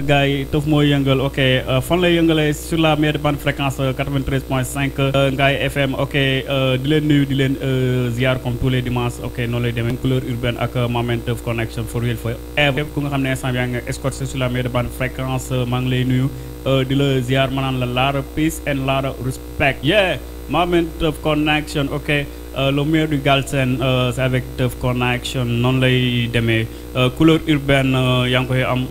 Guy, yi tëf mooy yëngal ok euh, fan lay yëngalee sur la meilleure bande fréquence 93 euh, point 5 euh, FM ok di leen nuyu ziar comme tous les dimanches ok noonu lay demee couleur urbaine ak Mamen Teuf connection for real forever. ever ku ne escorté sur la meilleure bande fréquence maa ngi lay nuyu la ziar la peace and laara respect yeah moment of connection ok Euh, le meilleur du Galsen euh, c'est avec Teuf Connection noonu lay demee euh, couleur urbaine yaa ngi koy am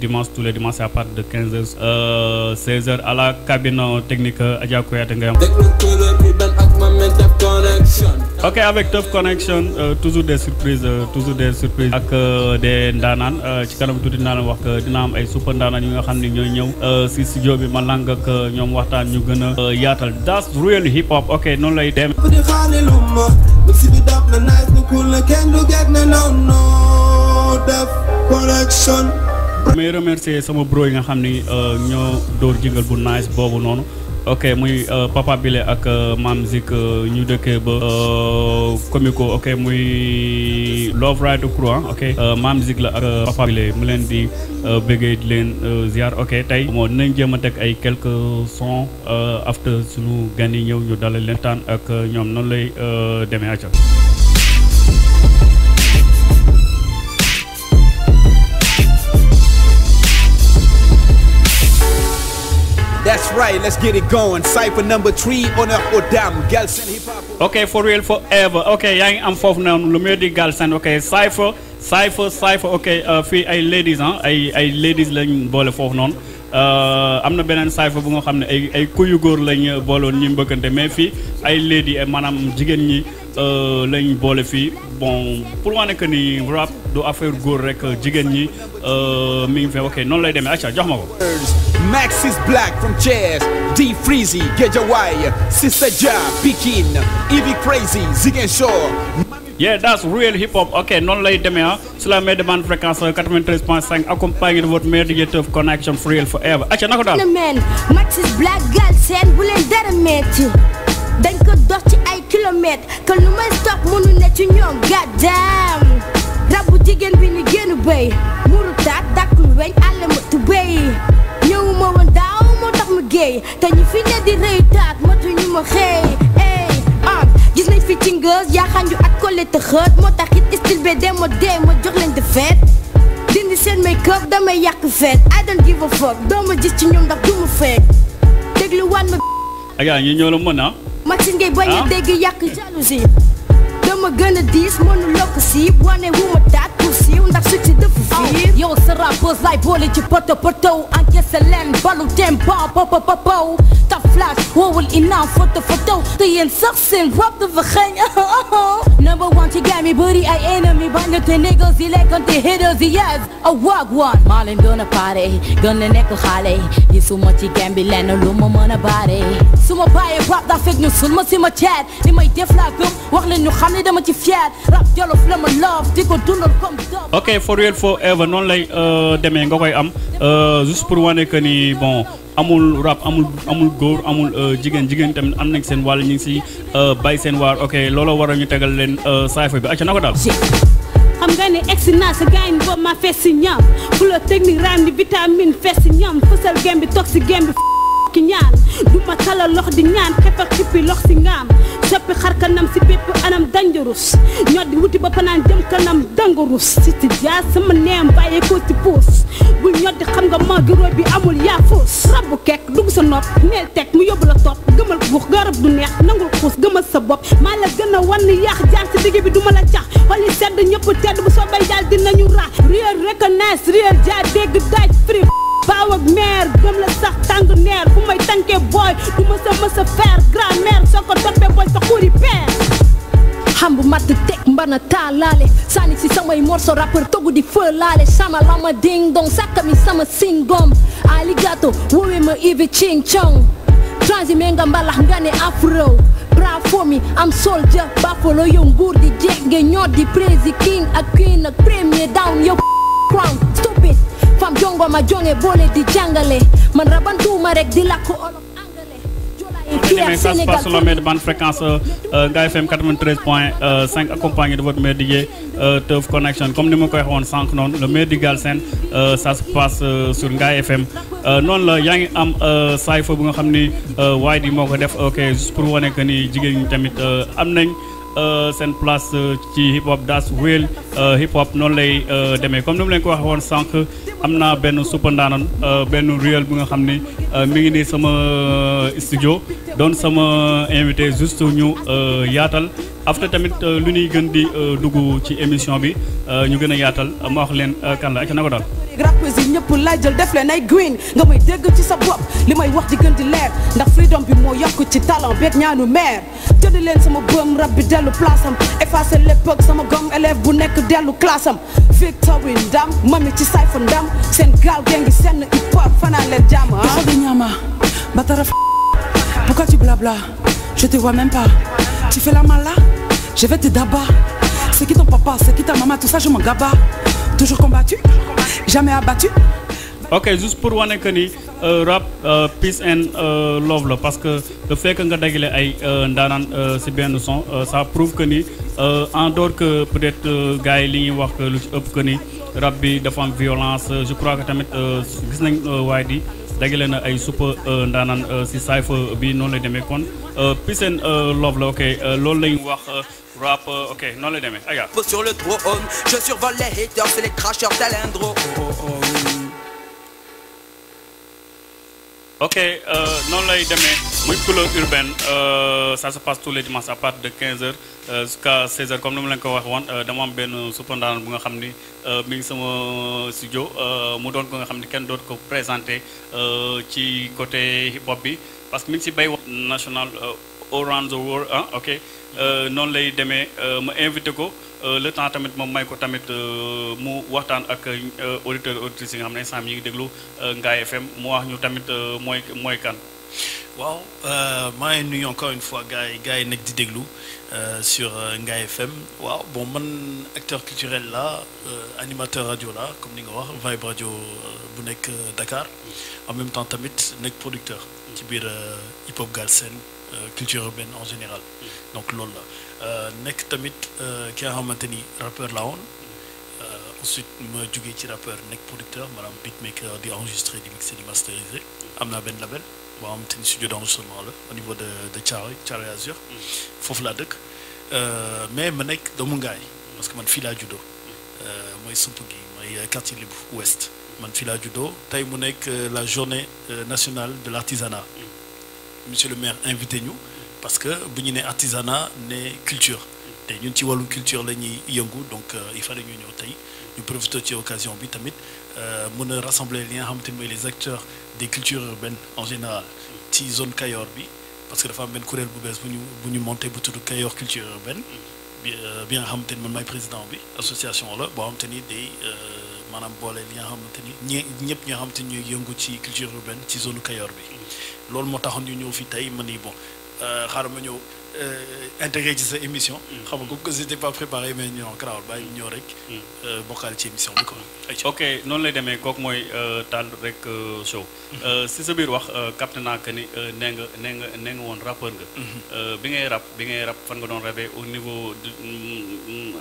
dimanche tous les dimanches à partir de quinze heures 16 heures à la cabine technique Adja ngay am. ok avec Teuf Connection euh, toujours des surprises euh, toujours des surprises ak euh, de ndaanaan ci kanam tuuti naa leen wax dina am ay super ndaanaan yi nga xam ni ñooy ñëw si studio bi ma lang ak ñoom waxtaan ñu gën a yaatal that's real hip hop ok noonu lay dem mais remercier sama bro yi nga xam ni ñoo dóor jingle bu nice boobu noonu ok muy euh, Papa Bile ak euh, Mam Zik euh, ñu dëkkee ba comico ok muy Love Ride Courant ok maam Zik la ak Papa mu leen di bëggee di leen ziar ok tey moo dinañ jéem a teg ay quelques sons after suñu gan ñëw ñu dalal leen taan ak ñoom noonu lay demee aca That's right, let's get it going. Cypher number three, honneur aux dames. Galsen hip hop. Ok, for real forever. Ok, yaa ngi am foofu noonu lu muy di Galsen. Ok, Cypher, Cypher, Cypher. Ok, euh, fii ay ladies ah ay ay ladies lañ boole foofu noonu. Euh, am na beneen Cypher bu nga xam ne ay ay kuyu góor lañ booloon ñi mbëkkante mais fii ay ladies eh, maanaam jigéen ñi euh, lañu boole fii bon pour ma ni rap. do affaire góor rek jigéen ñi euh, mi ngi fi ok noonu lay demee acca jox ma ko. Max is black from Thiès D Freezy Guédiawaye Sister Dia Pikine Ivy Crazy Ziguinchor. yeah that's real hip hop ok non lay demee ah cela met demande fréquence 93.5 euh, accompagné de votre meilleur DJ Teuf connection for real forever acca na ko daal. Max is black gal bu dara metti dañ ko dox ci ay kilomètres que lu may stop mënu ne ci goddamn. jigéen bi ñu génn béy muru taat dàkkul weñ àll matu béy ñëwuma woon daaw moo tax mu géey te ñu fi ne di rëy taat matu ñu ma xëy ey ah gis nañ fi ci ngës yaaxanju ak collé te moo tax it style dee ma dee ma jox leen de seen make up damay yàq feet I don't give a fuck doo ma gis ci ñoom ndax du ma feet déglu waan ma. ak yaa ngi ñoo la mën ah. Maxine Gueye bañ a ah. dégg yàq jalousie. I'ma gën oh. a diis mënu lokk si wane wu ma daat pour siiw ndax su ci dëfu fii yow sa rappose lay boole ci poto poto encaissé leen balu tempo popo popow camouflage. Wow, enough voor de foto. Die in zacht in wat de vergeen. Number one, she got me booty, I enemy. Bang to niggas, die lekker te hitters, die yes. A walk one. Marlin gonna party, gonna nekkel gale. Je zomaar je gambi lano, luma mana body. Zomaar bij je rap, daar vind ik nu zomaar zie mijn chat. Die mij dit vlak op, wacht nu gaan niet met je fjat. Rap jollof, let me love, die go doen, dan komt dat. Oké, for real, forever, non lay euh, demee nga koy am. Euh, juste pour wane que ni bon. amul rap amul amul góor amul euh, jigéen jigéen tamit am nañ seen wàll ñu si euh, bay seen waar ok looloo waral ñu tegal leen euh, saafara bi acca na ko daal. xam nga ne egg si naa sa gaañ boobu ma fees si ñam fulo technique raam di vitamine fees si ñam fësal gem bi toog si gem bi ki ñaan la lox di ñaan képpal xippi lox si ngaam soppi xar kanam si bépp anam dangerous ñoot di wuti bëpp naan jëm kanam dangerous si ti jaa sama neem bàyyi ko ci puus bu ñoot di xam nga ma gi roy bi amul yaa fuus rabbu kek dugg sa nopp neel teg mu yóbbu la topp gëmal buux garab du neex nangul xuus gëmal sa bopp maa la gën a wan yaax jaar si digg bi duma ma la cax xol yi sedd ñëpp tedd bu soo bay dal dinañu raa réer reconnaisse réer jaa dégg daaj free baaw ak mère gëm la tàng may tànkee booy du ma sa mës a soo ko toppee booy sa xuri peer xam bu matt teg mbana taalaale sànni si samay morceau rappeur di fëlaale sama lama ding dong sàkka mi sama singom aligato woowee ma ivi cing cong transimé nga mbalax nga ne afro bravo mi am soldier bafolo yow nguur di jeeg nga ñoo di prési king ak queen ak down yow crown stupid fam jongo ma jonge boole di jàngale man raban tuma rek di lakko olof FM 93.5 euh, accompagné de votre médié euh, Teuf Connection. Comme nous m'avons dit, on sent que le médié Galsen, euh, ça se passe euh, sur Gaï FM. Euh, non, yang am eh, Uh, seen place ci hip hop das wheel uh, hip hop non lay uh, demé comme nous leen ko wax won sank amna ben supandan ben real bi nga xamni mi ngi ni sama studio don sama invité juste ñu yaatal after tamit lu ñuy gën di dugg ci émission bi ñu gën a yaatal ma wax leen kan la ak nako dal rappeurs yi ñëpp lay jël def leen ay green nga may dégg ci sa bopp li may wax di gën di leer ndax freedom bi moo yokk ci talent beeg ñaanu meer jënd leen sama bëm rab bi dellu place am effacé l'époque sama gom élève bu nekk dellu classe am victory ndam mami ci sayfa ndam seen gaal gee ngi senn hip hop fanaan leen jàmm ah di ñaama ba tara pourquoi tu blabla je te vois même pas tu fais la mala je vais te daba c'est qui ton papa c'est qui ta maman tout ça je m'en gaba toujours combattu, jamais abattu. ok juste pour dire que ni euh, rap euh, peace and euh, love là, parce que le fait que nga dajale ay c'est si le son ça prouve que nous, en dehors que peut-être gars yi li ñuy que rap violence je crois que tamit que nañ avez di dajale na ay super euh, ndanan euh, si cypher bi non lay demé kon euh, peace and love la ok loolu lay wax rap ok non lay demé demee. sur le trône je survole les haters c'est les crashers d'Alindro. Oh, oh, oh, Ok, euh, non lay demé, moy couleur urbaine, euh, ça se passe tous les dimanches à part de 15h euh, jusqu'à 16h comme nous l'avons dit, euh, dama am ben cependant uh, bu nga xamni euh mi sama studio euh mu don ko nga xamni ken d'autre ko présenter euh ci côté hip hop parce que mi ci bay national euh, around the world ah ok euh, Non, lay euh ma invité ko euh, le temps tamit mom may ko tamit euh, mu waxtaan ak auditeur auditrices yi nga xamné sam yi ngi déglu Ngaye FM mu wax ñu tamit moy moy kan. waaw maa ngi nuyu encore une fois gay gay nek di déglu sur Ngaye FM waaw bon man acteur culturel là, animateur radio là, comme ni nga wax Vibe radio bu nek Dakar en même temps tamit nek producteur ci bir hip hop Galsen euh, culture urbaine en général mm. donc euh, tamit qui euh, rappeur ensuite je suis un rappeur un producteur un beatmaker un un label studio d'enregistrement au niveau de de charlie Azur mm. mais dans parce que quartier libre ouest la journée nationale de l'artisanat monsieur le maire invité nous parce que bu ñu artisanat ne culture te ñun ci wàllu culture la ñuy yëngu donc euh, il fallait ñu ñëw tey ñu profité ci occasion bi tamit euh, mën a rassembler li nga xamante ni les acteurs des cultures urbaines en général ci zone Kayor bi parce que dafa am ben kuréel bu bees bu ñu bu ñu monté bu tudd Kayor culture urbaine bi euh, nga xamante ni man président bi association la boo xamante des day maanaam boole li nga xamante ni ñee ñëpp ñoo xamante ni ñuy yëngu ci culture urbaine ci zone Kayor bi loolu moo taxoon ñu ñëw fi tey ma ni bon euh, xaaral ma ñëw euh, intégré ci sa émission. Mm. xam nga comme que c'était pas préparé mais ñoo garaawal bàyyi ñëw rek. Mm. Euh, bokkaale ci bi quoi. ok noonu lay demee kooku mooy Tall Rek Show. Mm-hmm. si sa biir wax capté naa que ni nee nga nee nga nee nga woon rappeur nga. Mm-hmm. bi ngay rap bi ngay rap fan nga doon rabee au niveau. Mm,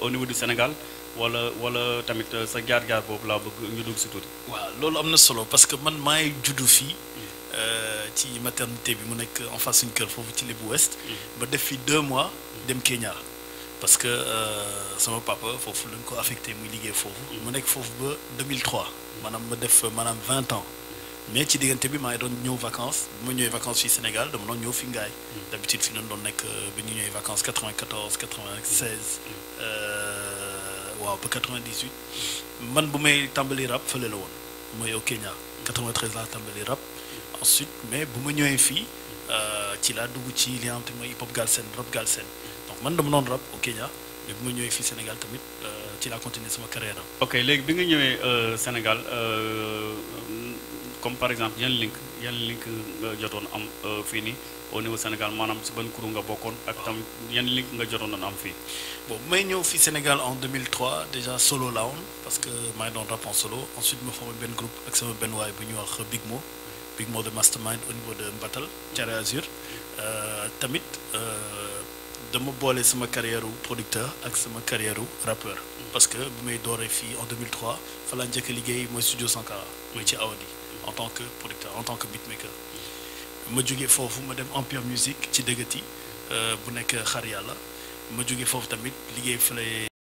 au niveau du Sénégal wala wala tamit euh, sa jaar-jaar boobu laa bëgg ñu dugg si tuuti. waaw loolu am na solo parce que man maay juddu fii mm. euh, ci maternité bi mu nekk en face suñu kër foofu ci Lébu Ouest. Mm. ba def fi deux mois mm. dem Kenya. parce que euh, sama papa foofu lañ ko affecté muy liggéey foofu. mu nekk foofu ba 2003. maanaam ma def maanaam 20 ans. mais ci diggante bi maa ngi doon ñëw vacances bu ma ñëwee vacances fii Sénégal dama doon ñëw fi ngaay d'habitude fi doon doon nekk ba ñu ñëwee vacances 94 96. Euh, waaw pour 98 man bu may rap fele la woon mooy au Kenya 93 la tambali rap ensuite mais bu ma fi euh ci la dugg ci li nga hip hop sen rap sen donc man dama non rap au Kenya mais bu ma ñëwee Sénégal tamit euh, ci la continuer sama carrière ok légui bi nga euh Sénégal euh, comme par exemple yan link. Euh, yan link nga jotoon am fii au niveau Sénégal manam suis ban au nga bokone ak tam yan link nga jotone am fi bon may Sénégal en 2003 déjà solo là-haut, parce que may rappe rap en solo ensuite me formé un groupe ak sama et way bu ñu wax Big Mo Big Mo de Mastermind au niveau de Mbatal Thierry Azur euh, tamit euh, dama à sama carrière de producteur ak sama carrière de rappeur mm-hmm. parce que bu may dooree fi en 2003 fa la njëkk a liggéey le studio Sankara moy ci Audi en tant que producteur en tant que beatmaker ma jógee pour ma dem Empire Musique ci dëggati euh, bu nekk xar yàlla ma jógee foofu tamit liggéey fële